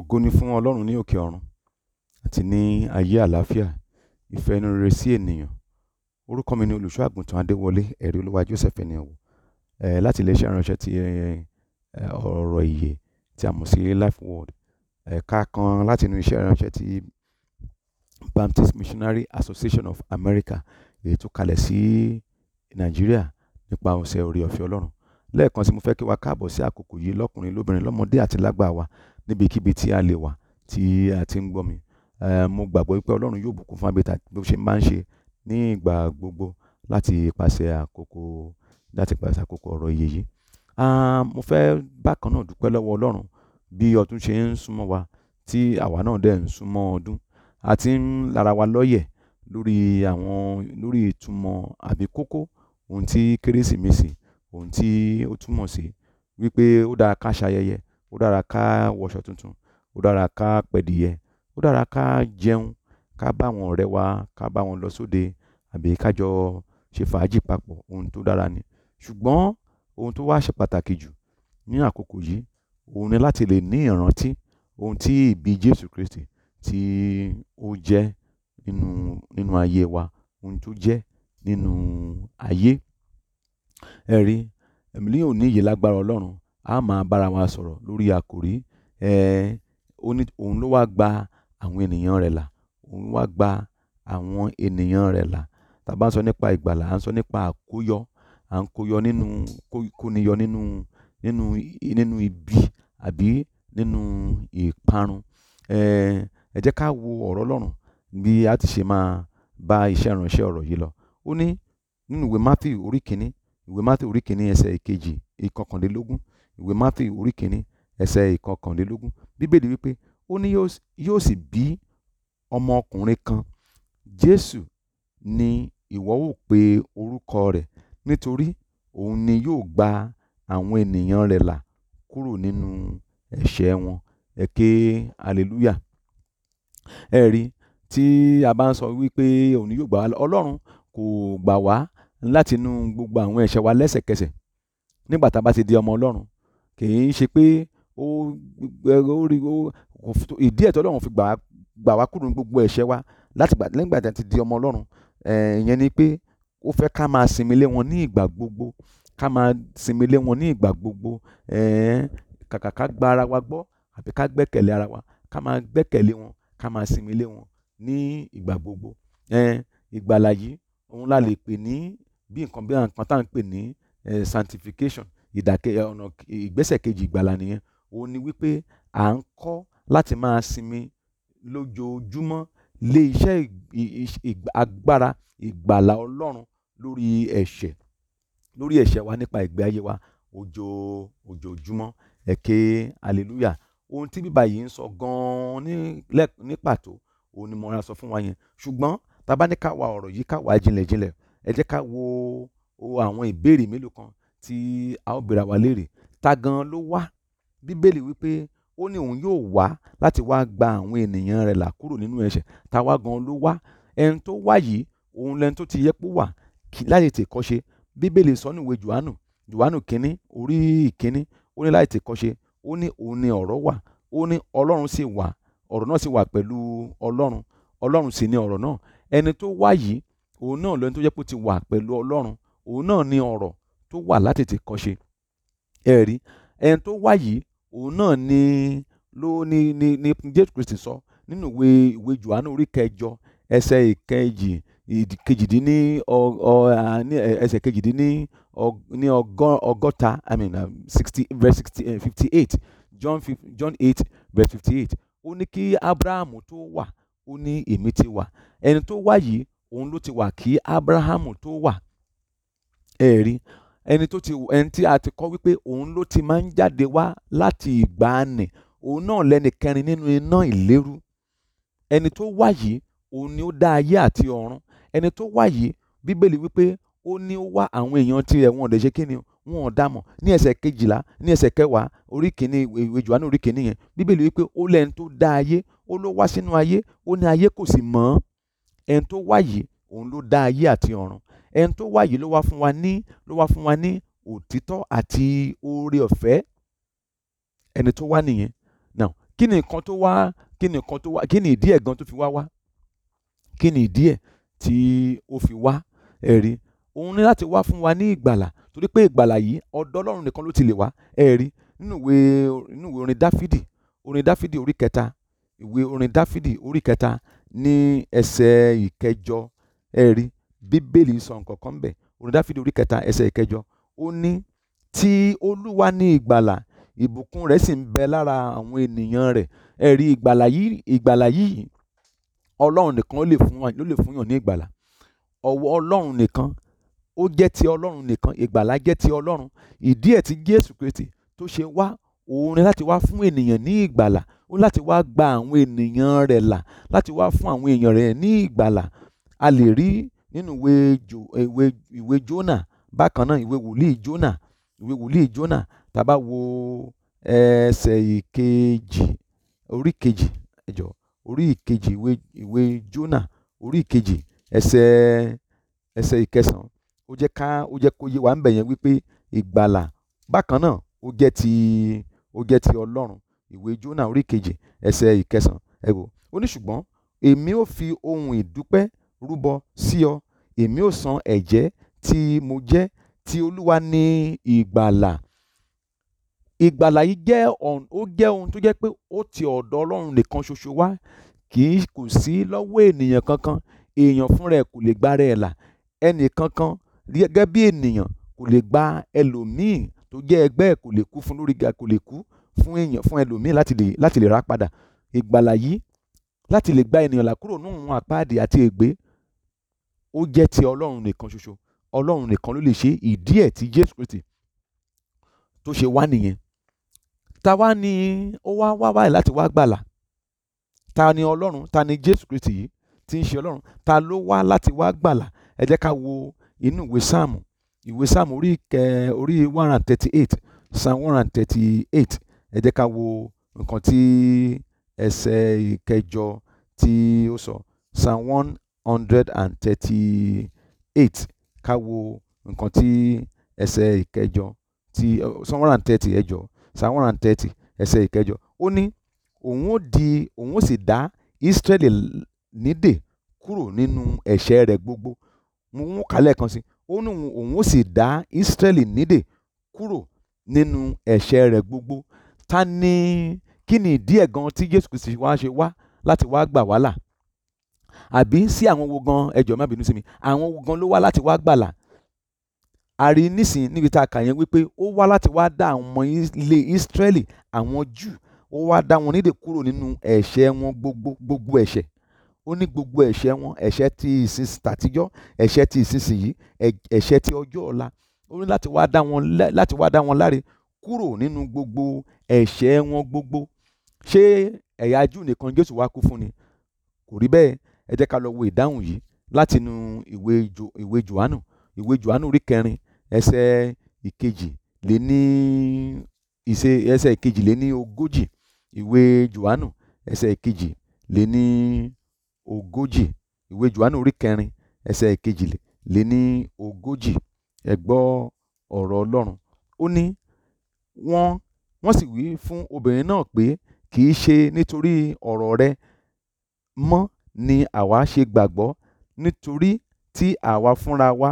Ògo ni fún Ọlọ́run ní òkè ọ̀run àti ní ayé àlàáfíà ìfẹ́ inú rere sí ènìyàn. Orúkọ mi ni olùṣọ́ àgùntàn Adéwọlé ẹ̀rí olúwa Joseph Eniyan eh, láti iléeṣẹ́ ìránṣẹ́ ti ọ̀rọ̀ ìyè tí a mọ̀ sí Life Word ẹ̀ka eh, kan láti inú iṣẹ́ ìránṣẹ́ ti Baptist Missionary Association of America èyí tó kalẹ̀ sí Nàìjíríà nípa ọ̀sẹ̀ orí ọ̀fẹ́ Ọlọ́run lẹ́ẹ̀kan sí mo fẹ́ kí wa káàbọ̀ sí àkókò yìí lọ́kùnrin lóbìnrin lọ́mọdé àti lágbà wa níbikíbi tí a lè wà tí a ti ń gbọ́ mi. Eh, mo gbàgbọ́ wípé Ọlọ́run yóò bùkún fún abẹ́ta bí ó ṣe máa ń ṣe ní ìgbà gbogbo láti ipasẹ̀ àkókò láti ipasẹ̀ àkókò ọ̀rọ̀ ìyè yìí. Ah, mo fẹ́ bákan náà dúpẹ́ lọ́wọ́ Ọlọ́run bí ọdún ṣe ń súnmọ́ wa tí àwa náà dẹ̀ ń súnmọ́ ọdún. A ti ń lara wa lọ́yẹ̀ lórí àwọn lórí ìtumọ̀ àbí kókó ohun tí Kérésìmesì ohun tí ó túmọ̀ sí wípé ó dára ká ṣayẹyẹ ó dára ká wọṣọ tuntun ó dára ká pẹ̀díyẹ ó dára ká jẹun ká bá àwọn ọ̀rẹ́ wa ká bá wọn lọ sóde àbí ká ṣe fàájì papọ̀ ohun tó dára ni ṣùgbọ́n ohun tó wá ṣe pàtàkì jù ní àkókò yìí òun ni láti lè ní ìrántí ohun tí ìbí Jésù Kristi tí ó jẹ́ nínú nínú ayé wa ohun tó jẹ́ nínú ayé ẹ̀rí ẹ̀mí ò ní ìyè lágbára Ọlọ́run a máa bára wa sọ̀rọ̀ lórí àkòrí eh, òun ló wá gba àwọn ènìyàn rẹ̀ là òun wá gba àwọn ènìyàn rẹ̀ là tá a bá ń sọ nípa ìgbàlà à ń sọ nípa àkóyọ à ń kóyọ nínú kóniyọ nínú nínú nínú ibi àbí nínú ìparun eh, ẹ jẹ́ ká wo ọ̀rọ̀ Ọlọ́run bí a ti ṣe máa bá iṣẹ́ ìránṣẹ́ ọ̀rọ̀ yìí lọ ó ní nínú ìwé Matthew orí kìíní ìwé Matthew orí kìíní ẹsẹ̀ ìkejì ìkọkànlélógún ìwé matthew orí kìíní ẹsẹ̀ ìkọkànlélógún bíbélì wípé ó ní yóò sì bí ọmọ ọkùnrin kan jésù ni ìwọ ó orúkọ rẹ̀ nítorí òun ni yóò gba àwọn ènìyàn rẹ̀ là kúrò nínú ẹ̀ṣẹ̀ wọn ẹ ké hallelujah ẹ rí tí a bá ń sọ wípé òun ni yóò gbà wá ọlọ́run kò gbà wá látinú gbogbo àwọn ẹ̀ṣẹ̀ wa lẹ́sẹ̀kẹsẹ̀ nígbà tá a bá ti di ọmọ ọlọ́run kì í ṣe pé ó ó rí ó ìdí ẹ̀ tí Ọlọ́run fi gbà wá kúrò ní gbogbo ẹ̀ṣẹ̀ wa láti gbà lẹ́yìn tí a ti di ọmọ Ọlọ́run ìyẹn ni pé ó fẹ́ ká máa sinmi lé wọn ní ìgbà gbogbo ká máa sinmi lé wọn ní ìgbà gbogbo kàkà ká gba ara wa gbọ́ àbí ká gbẹ́kẹ̀lé ara wa ká máa gbẹ́kẹ̀lé wọn ká máa sinmi lé wọn ní ìgbà gbogbo ìgbàlà yìí òun la lè pè ní bí nǹkan bí nǹkan tá à ń pè ní sanctification ìdàkẹ eh, ọ̀nà ìgbésẹ̀ kejì ìgbàlà nìyẹn òun ni wípé à ń kọ́ láti máa sinmi lójoojúmọ́ lé iṣẹ́ agbára ìgbàlà ọlọ́run lórí ẹ̀ṣẹ̀ lórí ẹ̀ṣẹ̀ wa nípa ìgbé ayé wa ojo ojoojúmọ́ ẹ̀kẹ́ hallelujah ohun tí bíbá yìí ń sọ gan-an ní ní pàtó òun ni mo ra sọ fún wa yẹn ṣùgbọ́n tá bá ní ká wá ọ̀rọ̀ yìí ká wá jinlẹ̀jinlẹ̀ ẹ jẹ́ ká wo àwọn ìbéèrè mélòó kan tí a ó béèrè wa léèrè ta gan ló wá bíbélì wípé ó ní òun yóò wá láti wá gba àwọn ènìyàn rẹ̀ là kúrò nínú ẹ̀ṣẹ̀ ta wá gan ló wá ẹni tó wá yìí òun lẹni tó ti yẹ pé wà láti tè kọ́ ṣe bíbélì sọ níwèé johannu johannu kínní orí ìkínní ó ní láti tè kọ́ ó ní òun ni ọ̀rọ̀ wà ó ní ọlọ́run sì wà ọ̀rọ̀ náà sì wà pẹ̀lú ọlọ́run ọlọ́run sì ni ọ̀rọ̀ náà ẹni tó wá yìí òun náà lẹni tó yẹ pé ó ti wà pẹ̀lú ọlọ́run òun náà ni ọ̀rọ̀ tó wà láti ti kọ́ ṣe ẹ rí ẹni tó wá yìí òun náà ni ló ní ní ní Jésù Kristi sọ nínú ìwé ìwé Jòhánù orí kẹjọ ẹsẹ̀ ìkẹjì kejìdínní ẹsẹ̀ kejìdínní ní ọgọ́ta i mean um, sixty verse sixty eh, fifty eight John John eight verse fifty eight ó ní kí Ábúráhámù tó wà ó ní èmi ti wà ẹni tó wá yìí òun ló ti wà kí Ábúráhámù tó wà ẹ̀rí. Eh, ẹni tó ti ẹni tí a ti kọ́ wípé òun ló ti máa ń jáde wá láti ìgbàanì òun náà lẹ́ni kẹrin nínú iná ìléru ẹni tó wá yìí òun ni ó dá ayé àti ọ̀run ẹni tó wá yìí bíbélì wípé ó ní ó wá àwọn èèyàn tirẹ̀ wọn ò lè ṣe kí ni wọn ò dámọ̀ ní ẹsẹ̀ kejìlá ní ẹsẹ̀ kẹwàá orí kìíní ìwé Jòhánù orí kìíní yẹn bíbélì wípé ó lẹ́ni tó dá ayé ó ló wá sínú ayé ó ní ayé kò sì mọ̀ ẹni tó wá yìí òun ló dá ayé àti ọ̀run ẹni tó wá yìí ló wá fún wa ní ló wá fún wa ní òtítọ́ àti oore ọ̀fẹ́ ẹni tó wá nìyẹn now kí ni nǹkan tó wá kí ni nǹkan tó wá kí ni ìdí ẹ̀ gan tó fi wá wá kí ni ìdí ẹ̀ tí ó fi wá ẹ̀rí òun ní láti wá fún wa ní ìgbàlà torí pé ìgbàlà yìí ọ̀dọ̀ Ọlọ́run nìkan ló ti lè wá ẹ̀rí nínú ìwé nínú ìwé orin Dáfídì orin Dáfídì orí kẹta ìwé orin Dáfídì orí kẹta ní ẹsẹ̀ ìkẹjọ ẹ̀rí bíbélì sọ nǹkan kan bẹ̀ onídàáfídì orí kẹta ẹsẹ̀ ìkẹjọ ó ní tí olúwa ní ìgbàlà ìbùkún rẹ̀ sì ń bẹ lára àwọn ènìyàn rẹ̀ ẹ̀rí ìgbàlà yìí ìgbàlà yìí ọlọ́run nìkan ló lè fún ló lè fún yàn ní ìgbàlà ọwọ́ ọlọ́run nìkan ó jẹ́ ti ọlọ́run nìkan ìgbàlà jẹ́ ti ọlọ́run ìdí ẹ̀ tí jésù kristi tó ṣe wá òun ni láti wá fún ènìyàn ní ìgbàlà ó láti wá gba àwọn ènìyàn rẹ̀ là láti wá fún àwọn èèyàn rẹ̀ ní ìgbàlà a lè rí nínú ìwé jo ìwé ìwé Jónà bákan náà ìwé wòlíì Jónà ìwé wòlíì Jónà tá a bá wo ẹsẹ̀ ìkejì orí kejì ẹjọ orí ìkejì ìwé ìwé Jónà orí ìkejì ẹsẹ̀ ẹsẹ̀ ìkẹsàn-án ó jẹ́ ká ó jẹ́ kó yé wa ń bẹ̀ yẹn wípé ìgbàlà bákan náà ó jẹ́ ti ó jẹ́ ti Ọlọ́run ìwé Jónà orí kejì ẹsẹ̀ ìkẹsàn ẹ wò ó ní ṣùgbọ́n èmi ó fi ohun ìdúpẹ́ rúbọ sí ọ èmi ó san ẹ̀jẹ́ tí mo jẹ́ ti olúwa ní ìgbàlà ìgbàlà yìí jẹ́ ó jẹ́ ohun tó jẹ́ pé ó ti ọ̀dọ̀ ọlọ́run nìkan ṣoṣo wá kì í kò sí lọ́wọ́ ènìyàn kankan èèyàn fúnra ẹ̀ kò lè gbára ẹ̀ là ẹnì kankan gẹ́gẹ́ bí ènìyàn kò lè gba ẹlòmíì tó jẹ́ ẹgbẹ́ ẹ̀ kò lè kú fún lórí ga kò lè kú fún èèyàn fún ẹlòmíì láti lè láti lè rà padà ìgbàlà yìí láti lè gba ènìyàn là kúrò nínú àpáàdì àti ègbé ó jẹ́ ti ọlọ́run nìkan ṣoṣo ọlọ́run nìkan ló lè ṣe ìdí ẹ̀ tí jésù kristi tó ṣe wá nìyẹn ta wá ni ó wá wá wáyé láti wá gbàlà ta ni ọlọ́run ta ni jésù kristi yìí tí ń ṣe ọlọ́run ta ló wá láti wá gbàlà ẹ jẹ́ ká wo inú ìwé sáàmù ìwé sáàmù orí kẹ orí one and thirty eight psalm one and thirty eight ẹ jẹ́ ká wo nǹkan tí ẹsẹ̀ ìkẹjọ tí ó sọ psalm one hundred and thirty-eight ká wo nǹkan tí ẹsẹ̀ ìkẹjọ ti one hundred and thirty ẹjọ psalm one hundred and thirty ẹsẹ̀ ìkẹjọ ó ní òun ó di òun ó sì dá Ísírẹ́lì nídè kúrò nínú ẹ̀ṣẹ̀ rẹ̀ gbogbo mo ń kálẹ̀ kan sí ó ní òun ó sì dá Ísírẹ́lì nídè kúrò nínú ẹ̀ṣẹ̀ rẹ̀ gbogbo ta ni kí ni ìdí ẹ̀ gan tí Jésù Kristi wá ṣe wá láti wá gbà wá là àbí sí àwọn wo gan ẹ má bínú sí mi àwọn wo gan ló wá láti wá gbàlà a rí nísìnyí níbi tá a kà yẹn wípé ó wá láti wá dá àwọn ọmọ ilé Ísírẹ́lì àwọn jù ó wá dá wọn nídè kúrò nínú ẹ̀ṣẹ̀ wọn gbogbo gbogbo ẹ̀ṣẹ̀ ó ní gbogbo ẹ̀ṣẹ̀ wọn ẹ̀ṣẹ̀ ti ìsìn tàtijọ́ ẹ̀ṣẹ̀ ti ìsinsìnyí ẹ̀ṣẹ̀ ti ọjọ́ ọ̀la ó ní láti wá dá wọn láti wá dá wọn láre kúrò nínú gbogbo ẹ̀ṣẹ̀ wọn gbogbo ṣé ẹ̀yà Júù nìkan Jésù wá kú fún ni kò rí bẹ́ẹ̀ ẹ jẹ́ ká lọ wo ìdáhùn yìí látinú ìwé jo ìwé johannu ìwé johannu orí kẹrin ẹsẹ̀ ìkejì lé ní ìṣe ẹsẹ̀ ìkejì lé ní ogójì ìwé johannu ẹsẹ̀ ìkejì lé ní ogójì ìwé johannu orí kẹrin ẹsẹ̀ ìkejì lé ní ogójì ẹ gbọ́ ọ̀rọ̀ ọlọ́run ó ní wọ́n wọ́n sì wí fún obìnrin náà pé kì í ṣe nítorí ọ̀rọ̀ rẹ mọ́ ni àwa ṣe gbàgbọ́ nítorí tí àwa fúnra wa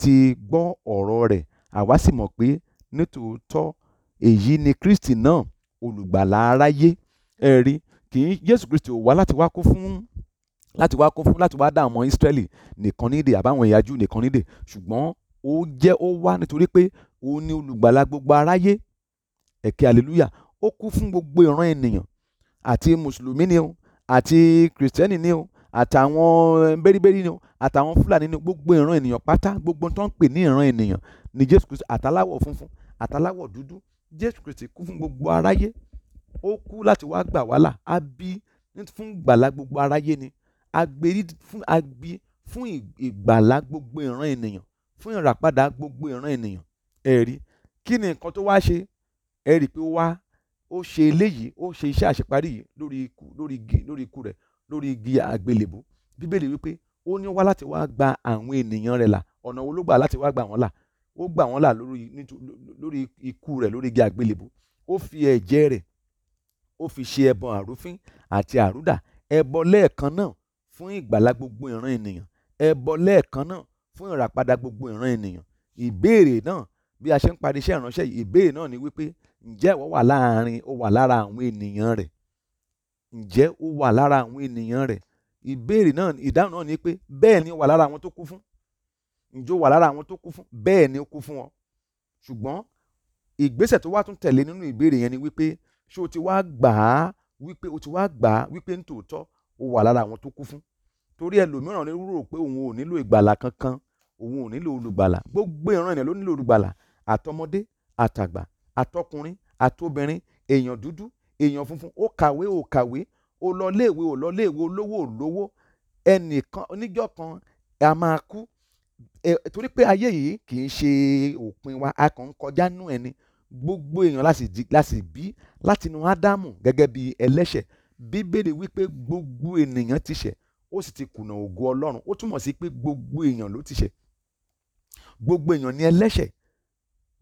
ti gbọ́ ọ̀rọ̀ rẹ̀ àwa sì mọ̀ pé nítòótọ́ èyí ni kristi náà olùgbàlà aráyé ẹ̀rí kì í jésù kristi ò wá láti wá kú fún láti wá kún fún láti wá dá àwọn Ísírẹ́lì nìkan nídè àbáwọn ẹ̀yà Júù nìkan nídè ṣùgbọ́n ó jẹ́ ó wá nítorí pé òun ni olùgbàlà gbogbo aráyé ẹ̀kẹ́ hallelujah ó kú fún gbogbo ìran ènìyàn àti mùsùlùmí ni o àti kìrìsìtẹ́nì ni o àtàwọn eh, bẹ́rìbẹ́rì ni o àtàwọn fúlàní ni gbogbo ìran ènìyàn pátá gbogbo tó ń pè ní ìran ènìyàn ni jésù kristi àtàláwọ̀ funfun àtàláwọ̀ dúdú jésù kristi kú fún gbogbo aráyé ó kú láti wá gbà wá là á bí fún ìgbàlá gbogbo aráyé ni agbèrí fún agbi fún ìgbàlá gbogbo ìran ènìyàn fún ìràpadà gbogbo ìran ènìyàn ẹ̀rí kí ni nǹkan tó wá ṣe ẹ̀rí pé ó wá ó ṣe eléyìí ó ṣe iṣẹ́ àṣeparí yìí lórí ikú lórí igi lórí ikú rẹ̀ lórí igi àgbélébù bíbélì wípé ó ní wá láti wá gba àwọn ènìyàn rẹ̀ là ọ̀nà wo ló gbà láti wá gbà wọ́n là ó gbà wọ́n là lórí ikú rẹ̀ lórí igi àgbélébù ó fi ẹ̀jẹ̀ rẹ̀ ó fi ṣe ẹbọn àrúfín àti àrúdà ẹbọ lẹ́ẹ̀kan náà fún ìgbàlá gbogbo ìran ènìyàn ẹbọ lẹ́ẹ̀kan náà fún ìràpadà gbogbo ìran ènìyàn ìbéèrè náà bí a ṣe ń parí iṣẹ́ ìránṣẹ́ yìí ìbéèrè náà ni wípé ǹjẹ́ ìwọ wà láàrin ó wà lára àwọn ènìyàn rẹ̀ ǹjẹ́ ó wà lára àwọn ènìyàn rẹ̀ ìbéèrè náà ìdáhùn náà ni pé bẹ́ẹ̀ ni ó wà lára àwọn tó kú fún ǹjẹ́ wà lára àwọn tó kú fún bẹ́ẹ̀ ni ó kú fún ọ ṣùgbọ́n ìgbésẹ̀ tó wá tún tẹ̀lé nínú ìbéèrè yẹn ni wípé ṣé o ti wá gbà á wípé o ti wá gbà á wípé ní tòótọ́ o wà lára àwọn tó kú fún torí ẹlòmíràn rò pé òun ò nílò ìgbàlà kankan òun ò nílò olùgbàlà gbogbo ìran ènìyàn ló nílò olùgbàlà àtọmọdé àtàgbà àtọkùnrin àtobìnrin èèyàn dúdú èèyàn funfun ó kàwé ó kàwé ó lọ léèwé ó lọ léèwé olówó olówó ẹnìkan oníjọ́ kan a máa kú torí pé ayé yìí kì í ṣe òpin wa a kàn ń kọjá nù ẹ ni gbogbo èèyàn láti bí látinú ádámù gẹ́gẹ́ bí ẹlẹ́ṣẹ̀ bíbélì wípé gbogbo ènìyàn ti ṣẹ̀ ó sì ti kùnà ògo ọlọ́run ó túmọ̀ sí pé gbogbo èèyàn ló ti ṣẹ̀ gbogbo èèyàn ni ẹlẹ́ṣẹ̀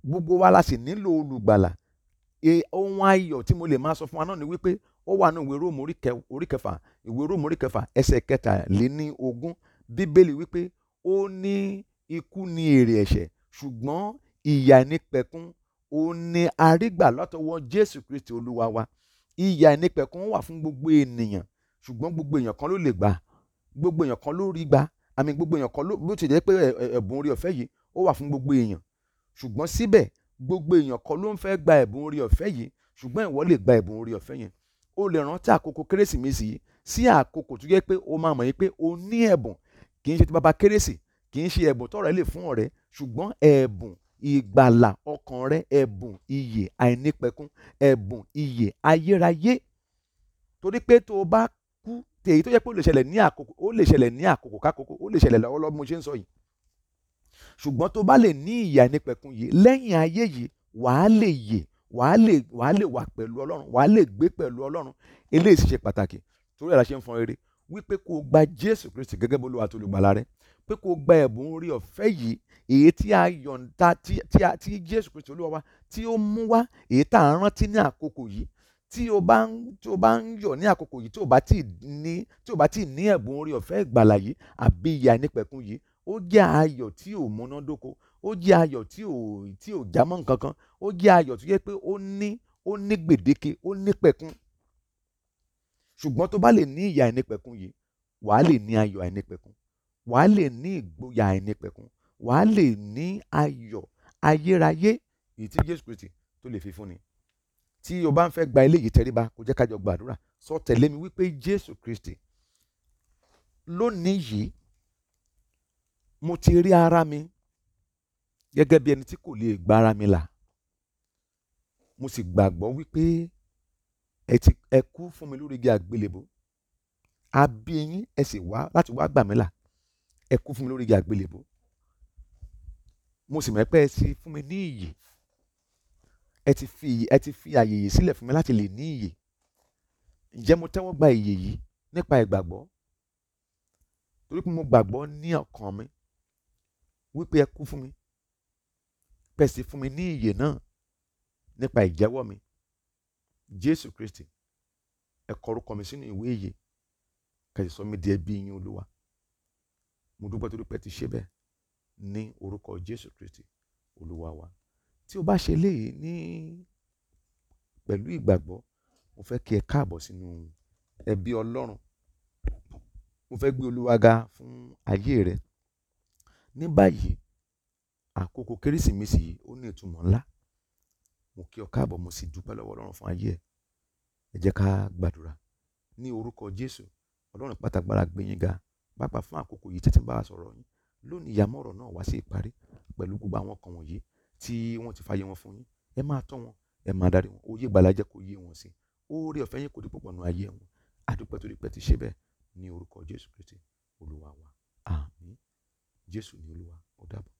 gbogbo wa la sì nílò olùgbàlà e, ohun ayọ̀ tí mo lè máa sọ fún wa náà ni wípé ó wà ní ìwé róòmù orí kẹfà ìwé róòmù orí kẹfà ẹsẹ̀ kẹtàléní ogún bíbélì wípé ó ní ikú ni èrè ẹ̀ṣẹ̀ ṣùgbọ́n ìyà ìnípẹ̀kun ó ní arígbà látọwọ́ jésù kristi olúwa wa ìyà ìnípẹ̀kun wà fún gbogbo ènìyàn ṣùgbọ́n gbogbo èèyàn kan ló lè gbà gbogbo èèyàn kan ló rí gbà àmì gbogbo èèyàn kan ló bó ti jẹ́ pé ẹ̀bùn orí ọ̀fẹ́ yìí ó wà fún gbogbo èèyàn ṣùgbọ́n síbẹ̀ gbogbo èèyàn kọ́ ló ń fẹ́ gba ẹ̀bùn orí ọ̀fẹ́ yìí ṣùgbọ́n ìwọ lè gba ẹ̀bùn orí ọ̀fẹ́ yẹn o lè rántí àkókò kérésìmesì yìí sí àkókò tó yẹ pé o máa mọ̀ yín pé o ní ẹ̀bùn kì í ṣe ti bàbá kérésì kì í ṣe ẹ̀bùn tọ́rẹ́ lè fún ọ̀rẹ́ ṣùgbọ́n ẹ̀bùn ìgbàlà ọkàn rẹ ẹ̀bùn iyè àìnípẹ̀kún ẹ̀bùn iyè ayérayé torí pé tó o bá kú tèyí tó yẹ pé ó lè ṣẹlẹ̀ ní àkókò ó lè ṣẹlẹ̀ ní àkókò kákókò ó lè ṣẹlẹ̀ lọ́wọ́lọ́wọ́ mo ṣe ń sọ yìí ṣùgbọ́n tó bá lè ní ìyà nípẹ̀kun yìí lẹ́yìn ayé yìí wàá lè yè wàá lè wàá lè wà pẹ̀lú ọlọ́run wàá lè gbé pẹ̀lú ọlọ́run eléyìí sì ṣe pàtàkì torí àlàṣe ń fọn rere wípé kó o gba jésù kristi gẹ́gẹ́ bó ló wà tó lùgbàlà rẹ pé kó o gba ẹ̀bùn orí ọ̀fẹ́ yìí èyí tí a yọ̀ǹda tí a tí jésù kristi olúwa wa tí ó mú wá èyí tá à ń rántí ní àkókò yìí tí o bá ń tí o bá ń yọ̀ ní àkókò yìí tí o bá ti ní tí o bá ti ní ẹ̀bùn orí ọ̀fẹ́ ìgbàlà yìí àbí ìyà nípẹ̀kun yìí ó jẹ́ ayọ̀ tí ò múnádóko ó jẹ́ ayọ̀ tí ò tí ò jámọ́ nǹkan kan ó jẹ́ ayọ̀ tó yẹ pé ó ní ó ní gbèdéke ó ní pẹ̀kun ṣùgbọ́n tó bá lè ní ìyà àìnípẹ̀kun yìí wàá lè ní ayọ̀ àìnípẹ̀kun wàá lè ní ìgboyà àìnípẹ̀kun wàá lè ní ayọ̀ ayérayé èyí tí Jésù Kristi tó lè fi fúnni tí o bá ń fẹ́ gba eléyìí tẹríba kó jẹ́ ká jọ gbàdúrà sọ tẹ̀lé mi wípé Jésù Kristi lónìí yìí mo ti rí ara mi gẹ́gẹ́ bí ẹni tí kò lè gba ara mi là mo sì gbàgbọ́ wípé ẹ ti ẹ kú fún mi lórí igi àgbélébó a bí yín ẹ sì wá láti wá gbà mí là ẹ kú fún mi lórí igi àgbélébó mo sì mẹ́pẹ́ ẹ ti fún mi ní ìyè ẹ ti fi ẹ ti fi àyè sílẹ̀ fún mi láti lè ní ìyè ǹjẹ́ mo tẹ́wọ́ gba ìyè yìí nípa ìgbàgbọ́ torí pé mo gbàgbọ́ ní ọkàn mi wípé ẹ kú fún mi pẹ̀sì fún mi ní ìyè náà nípa ìjẹ́wọ́ mi jésù kristi ẹ kọ orúkọ mi sínú ìwé ìyè kẹsì sọ mi di ẹbí yín olúwa mo dúpẹ́ tó dúpẹ́ ti ṣe bẹ́ẹ̀ ní orúkọ jésù kristi olúwa wa tí o bá ṣe léyìí ní pẹ̀lú ìgbàgbọ́ mo fẹ́ kí ẹ káàbọ̀ sínú ẹbí ọlọ́run mo fẹ́ gbé olúwa ga fún ayé rẹ ní báyìí àkókò kérésìmesì yìí ó ní ìtumọ̀ ńlá mo kí ọ káàbọ̀ mo sì dúpẹ́ lọ́wọ́ ọlọ́run fún ayé ẹ̀ ẹ jẹ́ ká gbàdúrà ní orúkọ jésù ọlọ́run pátágbára gbé yín ga fún àkókò yìí títí bá a sọ̀rọ̀ yín lónìí ìyàmọ́ ọ̀rọ̀ náà wá sí ìparí pẹ̀lú gbogbo àwọn ọkàn wọ̀nyí tí wọ́n ti fàyè wọn fún yín ẹ máa tọ́ wọn ẹ máa darí wọn òye ìgbàlà jẹ́ kó yé wọn sí oore ọ̀fẹ́ yín kò dín púpọ̀ nù ayé wọn àdúpẹ́ torí pé ti ṣe bẹ́ẹ̀ ní orúkọ jésù kristi olúwa wa àmín Jésù ni Olúwa ó dàbọ̀.